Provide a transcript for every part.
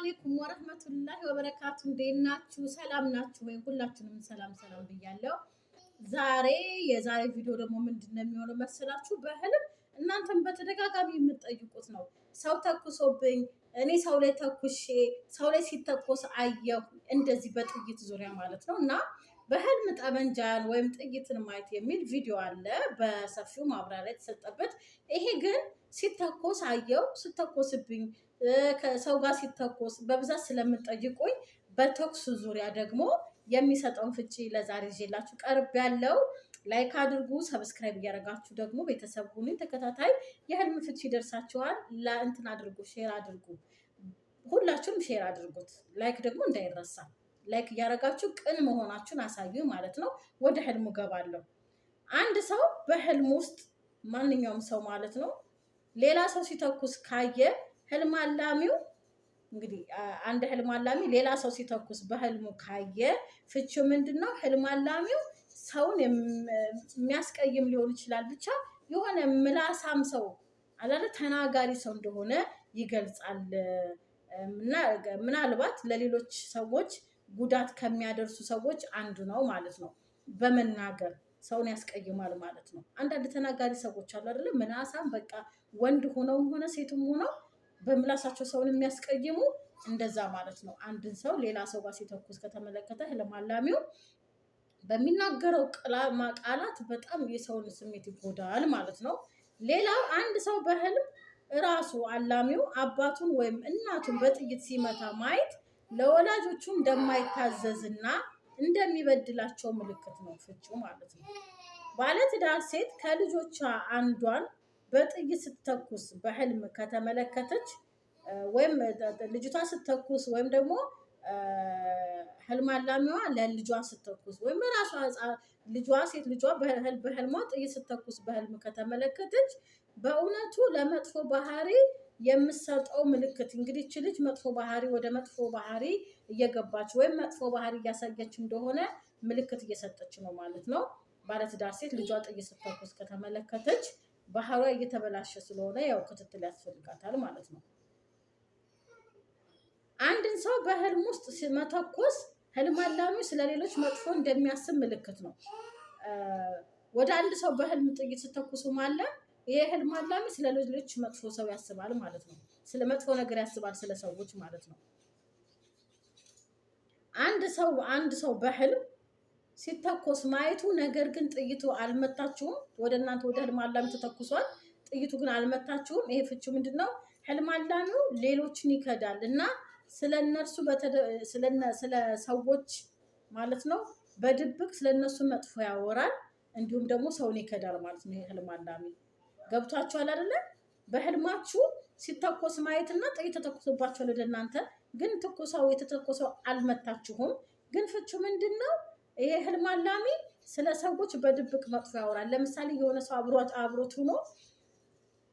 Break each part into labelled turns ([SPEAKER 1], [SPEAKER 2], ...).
[SPEAKER 1] አሌይኩም ወረህመቱላሂ ወበረካቱ። እንዴት ናችሁ? ሰላም ናችሁ ወይ? ሁላችንም ሰላም ሰላም ብያለሁ። ዛሬ የዛሬ ቪዲዮ ደግሞ ምንድን ነው የሚሆነው መሰላችሁ? በህልም እናንተም በተደጋጋሚ የምትጠይቁት ነው። ሰው ተኩሶብኝ እኔ ሰው ላይ ተኩሼ ሰው ላይ ሲተኮስ አየሁ፣ እንደዚህ በጥይት ዙሪያ ማለት ነው እና በህልም ጠመንጃን ወይም ጥይትን ማየት የሚል ቪዲዮ አለ በሰፊው ማብራሪያ የተሰጠበት ይሄ ግን ሲተኮስ አየው። ስተኮስብኝ ከሰው ጋር ሲተኮስ በብዛት ስለምጠይቁኝ በተኩስ ዙሪያ ደግሞ የሚሰጠውን ፍቺ ለዛሬ ይዤላችሁ ቀርብ ያለው ላይክ አድርጉ፣ ሰብስክራይብ እያደረጋችሁ ደግሞ ቤተሰብ ሁኑ። ተከታታይ የህልም ፍቺ ይደርሳችኋል። ለእንትን አድርጉ፣ ሼር አድርጉ፣ ሁላችሁም ሼር አድርጉት። ላይክ ደግሞ እንዳይረሳ፣ ላይክ እያደረጋችሁ ቅን መሆናችሁን አሳዩ ማለት ነው። ወደ ህልሙ ገባለሁ። አንድ ሰው በህልም ውስጥ ማንኛውም ሰው ማለት ነው ሌላ ሰው ሲተኩስ ካየ ህልም አላሚው እንግዲህ አንድ ህልም አላሚ ሌላ ሰው ሲተኩስ በህልሙ ካየ ፍቺው ምንድን ነው? ህልም አላሚው ሰውን የሚያስቀይም ሊሆን ይችላል። ብቻ የሆነ ምላሳም ሰው አላለ ተናጋሪ ሰው እንደሆነ ይገልጻል። ምናልባት ለሌሎች ሰዎች ጉዳት ከሚያደርሱ ሰዎች አንዱ ነው ማለት ነው። በመናገር ሰውን ያስቀይማል ማለት ነው። አንዳንድ ተናጋሪ ሰዎች አሉ አደለ ምናሳም በቃ ወንድ ሆነው ሆነ ሴትም ሆነው በምላሳቸው ሰውን የሚያስቀይሙ እንደዛ ማለት ነው። አንድን ሰው ሌላ ሰው ጋር ሲተኩስ ከተመለከተ ለማላሚው በሚናገረው ቃላት በጣም የሰውን ስሜት ይጎዳል ማለት ነው። ሌላው አንድ ሰው በህልም ራሱ አላሚው አባቱን ወይም እናቱን በጥይት ሲመታ ማየት ለወላጆቹ እንደማይታዘዝና እንደሚበድላቸው ምልክት ነው ፍቺው ማለት ነው። ባለትዳር ሴት ከልጆቿ አንዷን በጥይት ስትተኩስ በህልም ከተመለከተች ወይም ልጅቷ ስትተኩስ ወይም ደግሞ ህልም አላሚዋ ለልጇ ስትተኩስ ወይም ራሷ ልጇ ሴት ልጇ በህልሟ ጥይት ስትተኩስ በህልም ከተመለከተች በእውነቱ ለመጥፎ ባህሪ የምሰጠው ምልክት እንግዲህ እች ልጅ መጥፎ ባህሪ ወደ መጥፎ ባህሪ እየገባች ወይም መጥፎ ባህሪ እያሳየች እንደሆነ ምልክት እየሰጠች ነው ማለት ነው። ባለትዳር ሴት ልጇ ጥይት ስትተኩስ ከተመለከተች ባህሯ እየተበላሸ ስለሆነ ያው ክትትል ያስፈልጋታል ማለት ነው። አንድን ሰው በህልም ውስጥ ሲመተኮስ ህልም አላሚው ስለ ሌሎች መጥፎ እንደሚያስብ ምልክት ነው። ወደ አንድ ሰው በህልም ጥይት ስተኩሱ ማለ ይሄ ህልም አላሚ ስለ ሌሎች መጥፎ ሰው ያስባል ማለት ነው። ስለ መጥፎ ነገር ያስባል ስለ ሰዎች ማለት ነው። አንድ ሰው አንድ ሰው በህልም ሲተኮስ ማየቱ ነገር ግን ጥይቱ አልመታችሁም። ወደ እናንተ ወደ ህልም ተኩሷል። ተተኩሷል፣ ጥይቱ ግን አልመታችሁም። ይሄ ፍቹ ምንድን ነው? ህልም አላሚው ሌሎችን ይከዳል እና ስለ እነርሱ ስለ ሰዎች ማለት ነው በድብቅ ስለ እነሱ መጥፎ ያወራል፣ እንዲሁም ደግሞ ሰውን ይከዳል ማለት ነው። ይሄ ህልም አላሚ ገብቷችኋል አይደለ? በህልማችሁ ሲተኮስ ማየትና ጥይት ተተኩሶባችኋል ወደ እናንተ ግን ትኩሰው የተተኮሰው አልመታችሁም። ግን ፍቹ ምንድን ነው? ይሄ ህልም አላሚ ስለ ሰዎች በድብቅ መጥፎ ያወራል። ለምሳሌ የሆነ ሰው አብሮት አብሮት ሆኖ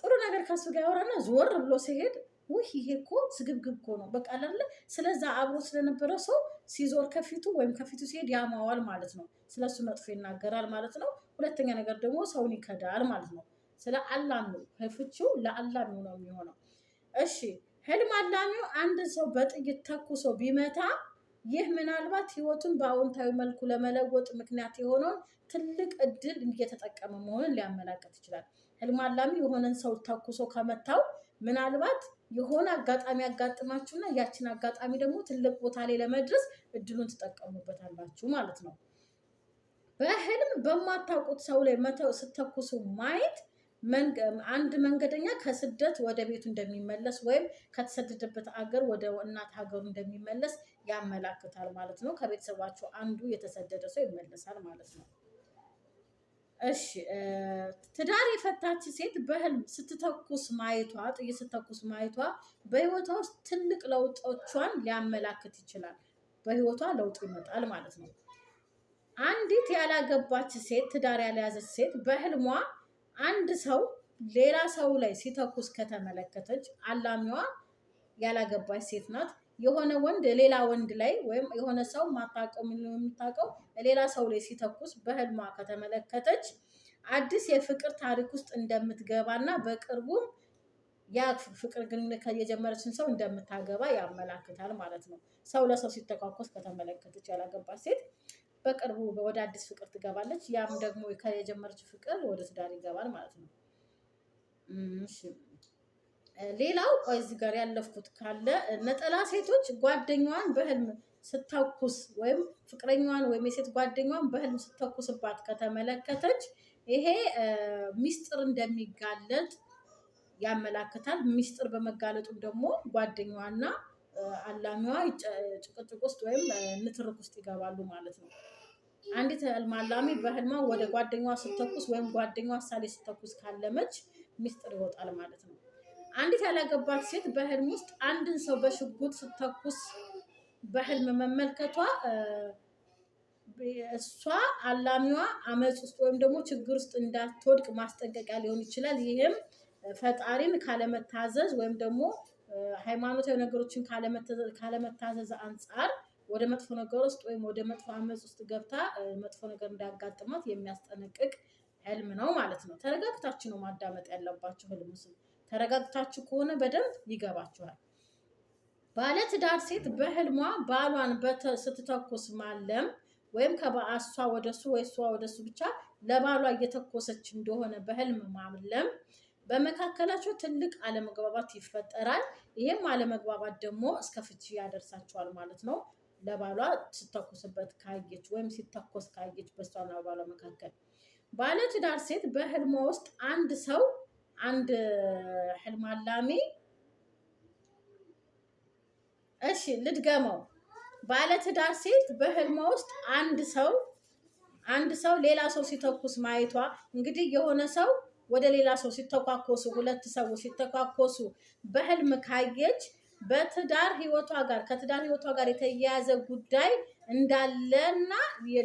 [SPEAKER 1] ጥሩ ነገር ከሱ ጋር ያወራና ዞር ብሎ ሲሄድ ውህ ይሄ እኮ ስግብግብ እኮ ነው በቃ አለ። ስለዛ አብሮ ስለነበረ ሰው ሲዞር ከፊቱ ወይም ከፊቱ ሲሄድ ያማዋል ማለት ነው። ስለሱ መጥፎ ይናገራል ማለት ነው። ሁለተኛ ነገር ደግሞ ሰውን ይከዳል ማለት ነው። ስለ አላሚ ፍቺው ለአላሚው ነው የሚሆነው። እሺ ህልም አላሚው አንድ ሰው በጥይት ተኩሶ ቢመታ ይህ ምናልባት ህይወቱን በአዎንታዊ መልኩ ለመለወጥ ምክንያት የሆነውን ትልቅ እድል እየተጠቀመ መሆኑን ሊያመላከት ይችላል። ህልም አላሚ የሆነን ሰው ተኩሶ ከመታው ምናልባት የሆነ አጋጣሚ ያጋጥማችሁና ያችን አጋጣሚ ደግሞ ትልቅ ቦታ ላይ ለመድረስ እድሉን ትጠቀሙበታላችሁ ማለት ነው። በህልም በማታውቁት ሰው ላይ ስተኩሱ ማየት አንድ መንገደኛ ከስደት ወደ ቤቱ እንደሚመለስ ወይም ከተሰደደበት አገር ወደ እናት ሀገሩ እንደሚመለስ ያመላክታል ማለት ነው። ከቤተሰባቸው አንዱ የተሰደደ ሰው ይመለሳል ማለት ነው። እሺ፣ ትዳር የፈታች ሴት በህልም ስትተኩስ ማየቷ ጥይት ስትተኩስ ማየቷ በህይወቷ ውስጥ ትልቅ ለውጦቿን ሊያመላክት ይችላል። በህይወቷ ለውጥ ይመጣል ማለት ነው። አንዲት ያላገባች ሴት ትዳር ያልያዘች ሴት በህልሟ አንድ ሰው ሌላ ሰው ላይ ሲተኩስ ከተመለከተች አላሚዋ ያላገባች ሴት ናት። የሆነ ወንድ ሌላ ወንድ ላይ ወይም የሆነ ሰው ማታውቀው የምታውቀው ሌላ ሰው ላይ ሲተኩስ በህልሟ ከተመለከተች አዲስ የፍቅር ታሪክ ውስጥ እንደምትገባና በቅርቡም ያ ፍቅር ግንኙነት የጀመረችን ሰው እንደምታገባ ያመላክታል ማለት ነው። ሰው ለሰው ሲተኳኮስ ከተመለከተች ያላገባች ሴት በቅርቡ ወደ አዲስ ፍቅር ትገባለች። ያም ደግሞ ከጀመረች ፍቅር ወደ ትዳር ይገባል ማለት ነው። ሌላው እዚህ ጋር ያለፍኩት ካለ ነጠላ ሴቶች ጓደኛዋን በህልም ስተኩስ ወይም ፍቅረኛዋን ወይም የሴት ጓደኛዋን በህልም ስተኩስባት ከተመለከተች ይሄ ሚስጥር እንደሚጋለጥ ያመላክታል። ሚስጥር በመጋለጡም ደግሞ ጓደኛዋና አላሚዋ ጭቅጭቅ ውስጥ ወይም ንትርክ ውስጥ ይገባሉ ማለት ነው። አንዲት ህልም አላሚ በህልማ ወደ ጓደኛዋ ስተኩስ ወይም ጓደኛዋ ሳሌ ስተኩስ ካለመች ሚስጥር ይወጣል ማለት ነው። አንዲት ያላገባች ሴት በህልም ውስጥ አንድን ሰው በሽጉጥ ስተኩስ በህልም መመልከቷ እሷ አላሚዋ አመፅ ውስጥ ወይም ደግሞ ችግር ውስጥ እንዳትወድቅ ማስጠንቀቂያ ሊሆን ይችላል። ይህም ፈጣሪን ካለመታዘዝ ወይም ደግሞ ሃይማኖታዊ ነገሮችን ካለመታዘዝ አንጻር ወደ መጥፎ ነገር ውስጥ ወይም ወደ መጥፎ አመፅ ውስጥ ገብታ መጥፎ ነገር እንዳያጋጥማት የሚያስጠነቅቅ ህልም ነው ማለት ነው። ተረጋግታችሁ ነው ማዳመጥ ያለባችሁ። ህልም ተረጋግታችሁ ከሆነ በደንብ ይገባችኋል። ባለትዳር ሴት በህልሟ ባሏን ስትተኩስ ማለም ወይም ከበአሷ ወደሱ ወይ እሷ ወደሱ ብቻ ለባሏ እየተኮሰች እንደሆነ በህልም ማለም በመካከላቸው ትልቅ አለመግባባት ይፈጠራል። ይህም አለመግባባት ደግሞ እስከ ፍቺ ያደርሳቸዋል ማለት ነው። ለባሏ ስተኩስበት ካየች ወይም ሲተኮስ ካየች በሷና ባሏ መካከል ባለትዳር ሴት በህልሟ ውስጥ አንድ ሰው አንድ ህልም አላሚ እሺ፣ ልድገመው። ባለትዳር ሴት በህልሟ ውስጥ አንድ ሰው አንድ ሰው ሌላ ሰው ሲተኩስ ማየቷ እንግዲህ የሆነ ሰው ወደ ሌላ ሰው ሲተኳኮሱ፣ ሁለት ሰዎች ሲተኳኮሱ በህልም ካየች በትዳር ህይወቷ ጋር ከትዳር ህይወቷ ጋር የተያያዘ ጉዳይ እንዳለና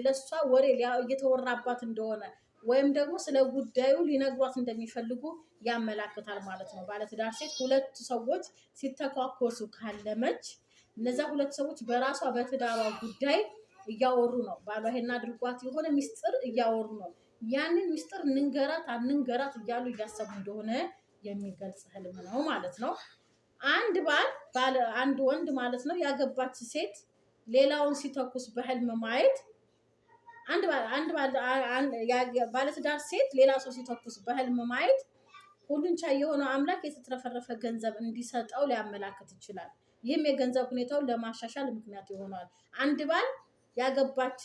[SPEAKER 1] ለሷ ወሬ እየተወራባት እንደሆነ ወይም ደግሞ ስለ ጉዳዩ ሊነግሯት እንደሚፈልጉ ያመላክታል ማለት ነው። ባለትዳር ሴት ሁለት ሰዎች ሲተኳኮሱ ካለመች እነዚያ ሁለት ሰዎች በራሷ በትዳሯ ጉዳይ እያወሩ ነው። ባሏ ይሄን አድርጓት የሆነ ሚስጥር እያወሩ ነው። ያንን ሚስጥር ንንገራት አንንገራት እያሉ እያሰቡ እንደሆነ የሚገልጽ ህልም ነው ማለት ነው። አንድ ባል ባለ አንድ ወንድ ማለት ነው ያገባች ሴት ሌላውን ሲተኩስ በህልም ማየት አንድ ባለትዳር ሴት ሌላ ሰው ሲተኩስ በህልም ማየት ሁሉን ቻይ የሆነው አምላክ የተትረፈረፈ ገንዘብ እንዲሰጠው ሊያመላክት ይችላል። ይህም የገንዘብ ሁኔታውን ለማሻሻል ምክንያት ይሆናል። አንድ ባል ያገባች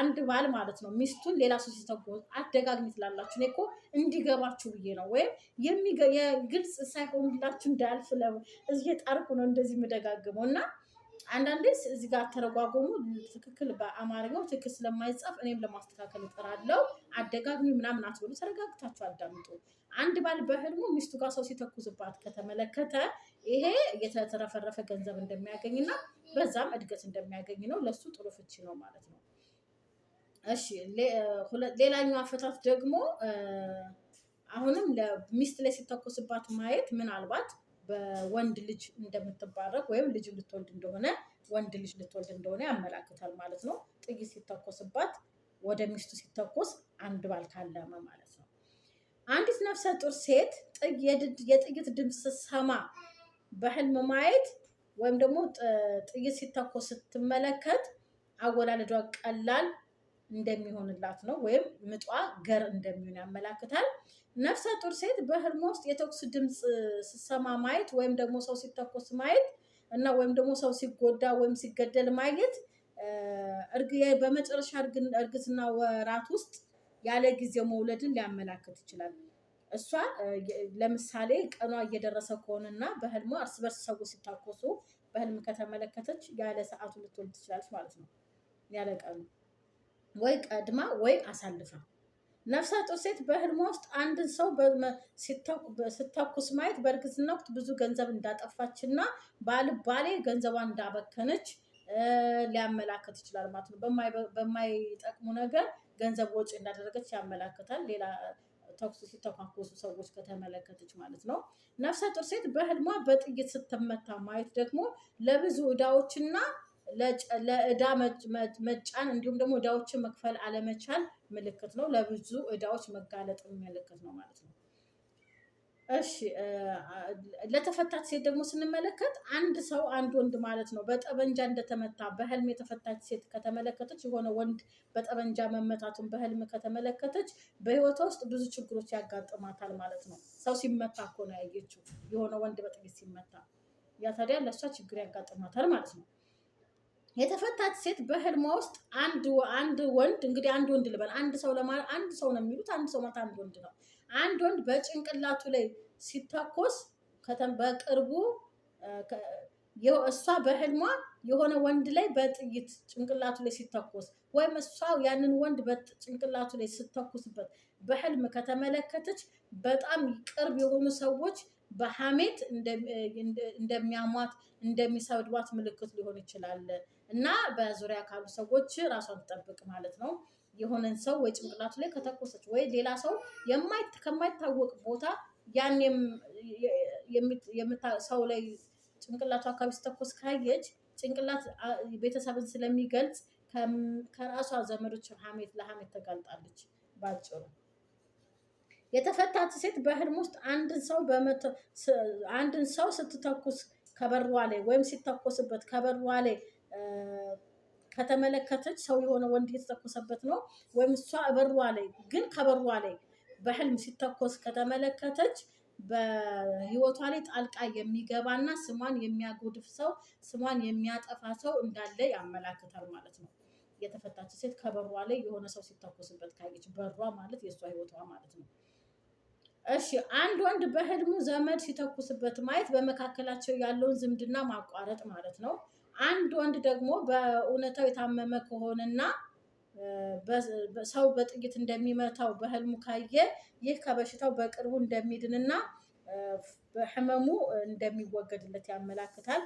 [SPEAKER 1] አንድ ባል ማለት ነው ሚስቱን ሌላ ሰው ሲተጎዝ አደጋግሚ ትላላችሁ። እኔ እኮ እንዲገባችሁ ብዬ ነው፣ ወይም ግልጽ ሳይሆንላችሁ እንዳያልፍ እየጣርኩ ነው እንደዚህ የምደጋግመው እና አንዳንዴ እዚህ ጋር ተረጓጎሙ ትክክል በአማርኛው ትክክል ስለማይጻፍ እኔም ለማስተካከል እጥራለሁ። አደጋግሚ ምናምን አትበሉ፣ ተረጋግታችሁ አዳምጡ። አንድ ባል በህልሙ ሚስቱ ጋር ሰው ሲተኩስባት ከተመለከተ ይሄ የተትረፈረፈ ገንዘብ እንደሚያገኝና በዛም እድገት እንደሚያገኝ ነው። ለሱ ጥሩ ፍቺ ነው ማለት ነው። እሺ ሌላኛው አፈታት ደግሞ አሁንም ለሚስት ላይ ሲተኩስባት ማየት ምናልባት በወንድ ልጅ እንደምትባረክ ወይም ልጅ ልትወልድ እንደሆነ ወንድ ልጅ ልትወልድ እንደሆነ ያመላክታል ማለት ነው። ጥይት ሲተኮስባት ወደ ሚስቱ ሲተኮስ አንድ ባል ካለመ ማለት ነው። አንዲት ነፍሰ ጡር ሴት የጥይት ድምፅ ሰማ በህልም ማየት ወይም ደግሞ ጥይት ሲተኮስ ስትመለከት አወላለዷ ቀላል እንደሚሆንላት ነው ወይም ምጧ ገር እንደሚሆን ያመላክታል። ነፍሰ ጡር ሴት በህልሟ ውስጥ የተኩስ ድምፅ ስሰማ ማየት ወይም ደግሞ ሰው ሲተኮስ ማየት እና ወይም ደግሞ ሰው ሲጎዳ ወይም ሲገደል ማየት በመጨረሻ እርግዝና ወራት ውስጥ ያለ ጊዜ መውለድን ሊያመላክት ይችላል። እሷ ለምሳሌ ቀኗ እየደረሰ ከሆነና በህልሟ እርስ በርስ ሰው ሲታኮሱ በህልም ከተመለከተች ያለ ሰዓቱ ልትወልድ ትችላለች ማለት ነው። ያለ ቀኑ ወይ ቀድማ ወይ አሳልፋ ነፍሰ ጡር ሴት በህልሟ ውስጥ አንድን ሰው ስተኩስ ማየት በእርግዝና ወቅት ብዙ ገንዘብ እንዳጠፋችና ባልባሌ ገንዘቧን እንዳበከነች ሊያመላከት ይችላል ማለት ነው። በማይጠቅሙ ነገር ገንዘብ ወጪ እንዳደረገች ያመላክታል። ሌላ ተኩስ ሲተኳኮሱ ሰዎች ከተመለከተች ማለት ነው። ነፍሰ ጡር ሴት በህልሟ በጥይት ስትመታ ማየት ደግሞ ለብዙ እዳዎችና ለእዳ መጫን እንዲሁም ደግሞ እዳዎችን መክፈል አለመቻል ምልክት ነው። ለብዙ እዳዎች መጋለጥ ምልክት ነው ማለት ነው። እሺ ለተፈታች ሴት ደግሞ ስንመለከት አንድ ሰው አንድ ወንድ ማለት ነው በጠበንጃ እንደተመታ በህልም የተፈታች ሴት ከተመለከተች የሆነ ወንድ በጠበንጃ መመታቱን በህልም ከተመለከተች በህይወቷ ውስጥ ብዙ ችግሮች ያጋጥማታል ማለት ነው። ሰው ሲመታ እኮ ነው ያየችው፣ የሆነ ወንድ በጥቂት ሲመታ ያ ታዲያ ለእሷ ችግር ያጋጥማታል ማለት ነው። የተፈታች ሴት በህልሟ ውስጥ አንድ አንድ ወንድ እንግዲህ አንድ ወንድ ልበል አንድ ሰው ለማ አንድ ሰው ነው የሚሉት አንድ ሰው ማለት አንድ ወንድ ነው። አንድ ወንድ በጭንቅላቱ ላይ ሲተኮስ ከተም በቅርቡ እሷ በህልሟ የሆነ ወንድ ላይ በጥይት ጭንቅላቱ ላይ ሲተኮስ ወይም እሷ ያንን ወንድ በጭንቅላቱ ላይ ስተኩስበት በህልም ከተመለከተች በጣም ቅርብ የሆኑ ሰዎች በሐሜት እንደሚያሟት እንደሚሰድቧት ምልክት ሊሆን ይችላል እና በዙሪያ ካሉ ሰዎች ራሷን ትጠብቅ ማለት ነው። የሆነን ሰው ወይ ጭንቅላቱ ላይ ከተኮሰች ወይ ሌላ ሰው ከማይታወቅ ቦታ ያን ሰው ላይ ጭንቅላቱ አካባቢ ስተኮስ ካየች ጭንቅላት ቤተሰብን ስለሚገልጽ ከራሷ ዘመዶች ሐሜት ለሐሜት ተጋልጣለች ባጭሩ። የተፈታች ሴት በህልም ውስጥ አንድን ሰው አንድን ሰው ስትተኩስ ከበሯ ላይ ወይም ሲተኮስበት ከበሯ ላይ ከተመለከተች ሰው የሆነ ወንድ የተተኮሰበት ነው ወይም እሷ እበሯ ላይ ግን ከበሯ ላይ በህልም ሲተኮስ ከተመለከተች በህይወቷ ላይ ጣልቃ የሚገባና ስሟን የሚያጎድፍ ሰው ስሟን የሚያጠፋ ሰው እንዳለ ያመላክታል ማለት ነው። የተፈታች ሴት ከበሯ ላይ የሆነ ሰው ሲተኮስበት ካየች፣ በሯ ማለት የእሷ ህይወቷ ማለት ነው። እሺ አንድ ወንድ በህልሙ ዘመድ ሲተኩስበት ማየት በመካከላቸው ያለውን ዝምድና ማቋረጥ ማለት ነው። አንድ ወንድ ደግሞ በእውነታው የታመመ ከሆነና ሰው በጥይት እንደሚመታው በህልሙ ካየ ይህ ከበሽታው በቅርቡ እንደሚድንና በህመሙ እንደሚወገድለት ያመላክታል።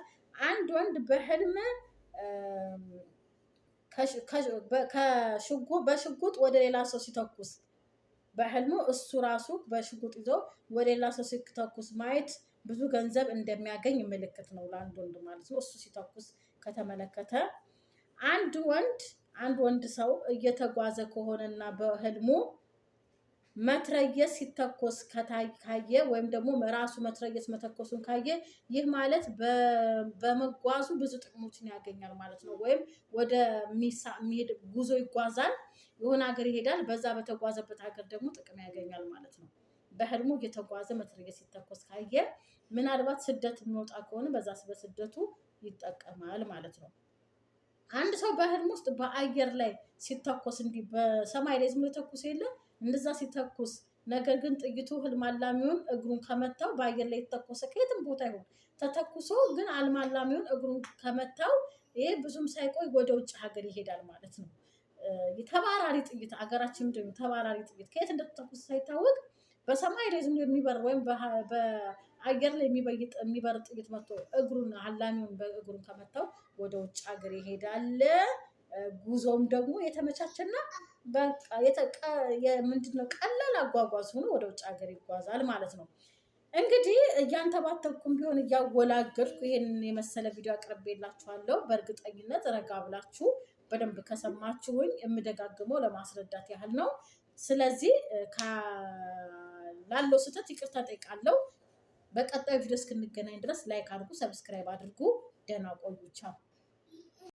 [SPEAKER 1] አንድ ወንድ በህልም በሽጉጥ ወደ ሌላ ሰው ሲተኩስ በህልሙ እሱ ራሱ በሽጉጥ ይዞ ወደ ሌላ ሰው ሲተኩስ ማየት ብዙ ገንዘብ እንደሚያገኝ ምልክት ነው ለአንድ ወንድ ማለት ነው። እሱ ሲተኩስ ከተመለከተ አንድ ወንድ አንድ ወንድ ሰው እየተጓዘ ከሆነና በህልሙ መትረየስ ሲተኮስ ካየ ወይም ደግሞ ራሱ መትረየስ መተኮሱን ካየ ይህ ማለት በመጓዙ ብዙ ጥቅሞችን ያገኛል ማለት ነው። ወይም ወደ ጉዞ ይጓዛል የሆነ ሀገር ይሄዳል። በዛ በተጓዘበት ሀገር ደግሞ ጥቅም ያገኛል ማለት ነው። በህልሙ እየተጓዘ መትረየስ ሲተኮስ ካየ ምናልባት ስደት የሚወጣ ከሆነ በዛ በስደቱ ይጠቀማል ማለት ነው። አንድ ሰው በህልም ውስጥ በአየር ላይ ሲተኮስ እንዲህ በሰማይ ላይ ዝም ተኩስ የለ እንደዛ ሲተኩስ ነገር ግን ጥይቱ ህልም አላሚውን እግሩን ከመታው በአየር ላይ የተተኮሰ ከየትም ቦታ ይሆን ተተኩሶ ግን አልማላሚውን እግሩን ከመታው ይሄ ብዙም ሳይቆይ ወደ ውጭ ሀገር ይሄዳል ማለት ነው። ተባራሪ ጥይት አገራችን ደግሞ ተባራሪ ጥይት ከየት እንደተተኮሰ ሳይታወቅ በሰማይ ላይ ዝም የሚበር ወይም በአየር ላይ የሚበይጥ የሚበር ጥይት መጥቶ እግሩን አላሚውን በእግሩን ከመታው ወደ ውጭ ሀገር ይሄዳል። ጉዞም ደግሞ የተመቻቸና ምንድነው ቀላል አጓጓዝ ሆኖ ወደ ውጭ ሀገር ይጓዛል ማለት ነው። እንግዲህ እያንተባተኩም ቢሆን እያወላገድኩ ይሄንን የመሰለ ቪዲዮ አቅርቤላችኋለሁ። በእርግጠኝነት ረጋ ብላችሁ በደንብ ከሰማችሁኝ የምደጋግመው ለማስረዳት ያህል ነው። ስለዚህ ላለው ስህተት ይቅርታ ጠይቃለሁ። በቀጣዩ ቪዲዮ እስክንገናኝ ድረስ ላይክ አድርጉ፣ ሰብስክራይብ አድርጉ። ደህና ቆዩ። ቻው